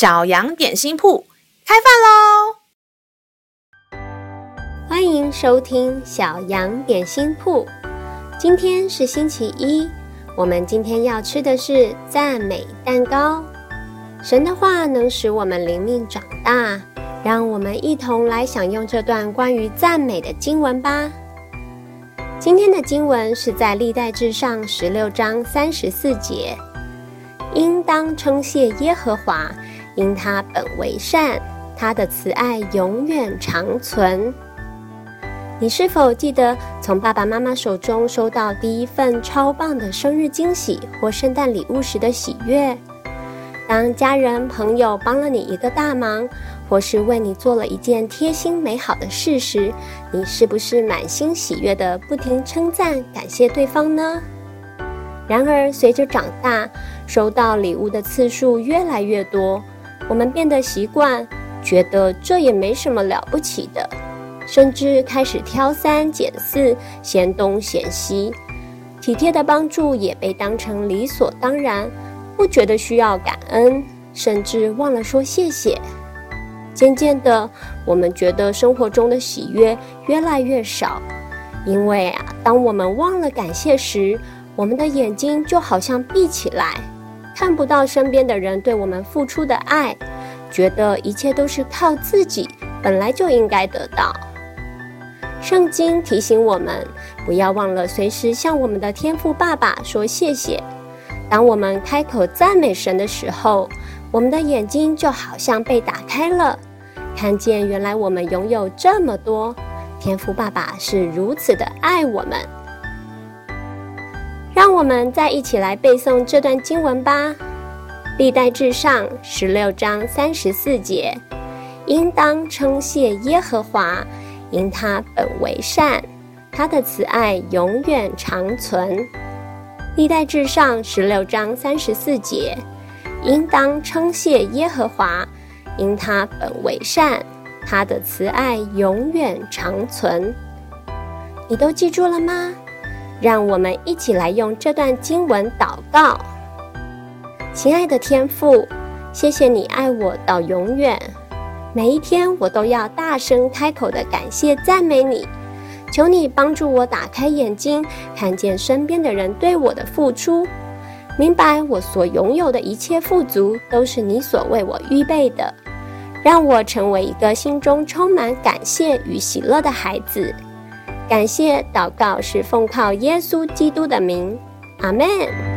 小羊點心鋪開飯嘍！歡迎收聽小羊點心鋪。今天是星期一，我們今天要吃的是讚美蛋糕。神的話能使我們靈命長大，讓我們一同來享用這段關於讚美的經文吧。今天的經文是在歷代志上十六章三十四節，應當稱謝耶和華。因他本為善，他的慈愛永遠長存。你是否記得從爸爸媽媽手中收到第一份超棒的生日驚喜或聖誕禮物時的喜悅？當家人朋友幫了你一個大忙，或是為你做了一件貼心美好的事時，你是不是滿心喜悅地不停稱讚、感謝對方呢？然而，隨着長大，收到禮物的次數越來越多。我們變得習慣，覺得這也沒什麼了不起的，甚至開始挑三揀四、嫌東嫌西，體貼的幫助也被當成理所當然，不覺得需要感恩，甚至忘了說謝謝。漸漸的，我們覺得生活中的喜悅越來越少，因為啊，當我們忘了感謝時，我們的眼睛就好像閉起來。看不到身邊的人對我們付出的愛，覺得一切都是靠自己，本來就應該得到。聖經提醒我們，不要忘了隨時向我們的天父爸爸說謝謝。當我們開口讚美神的時候，我們的眼睛就好像被打開了，看見原來我們擁有這麼多，天父爸爸是如此的愛我們。我們再一起來背誦這段經文吧，《歷代志上》十六章三十四節，應當稱謝耶和華，因他本為善，他的慈愛永遠長存。《歷代志上》十六章三十四節，應當稱謝耶和華，因他本為善，他的慈愛永遠長存。你都記住了嗎？讓我們一起來用這段經文禱告，親愛的天父，謝謝你愛我到永遠。每一天，我都要大聲開口的感謝讚美你。求你幫助我打開眼睛，看見身邊的人對我的付出，明白我所擁有的一切富足都是你所為我預備的。讓我成為一個心中充滿感謝與喜樂的孩子。感謝禱告是奉靠耶穌基督的名，阿門。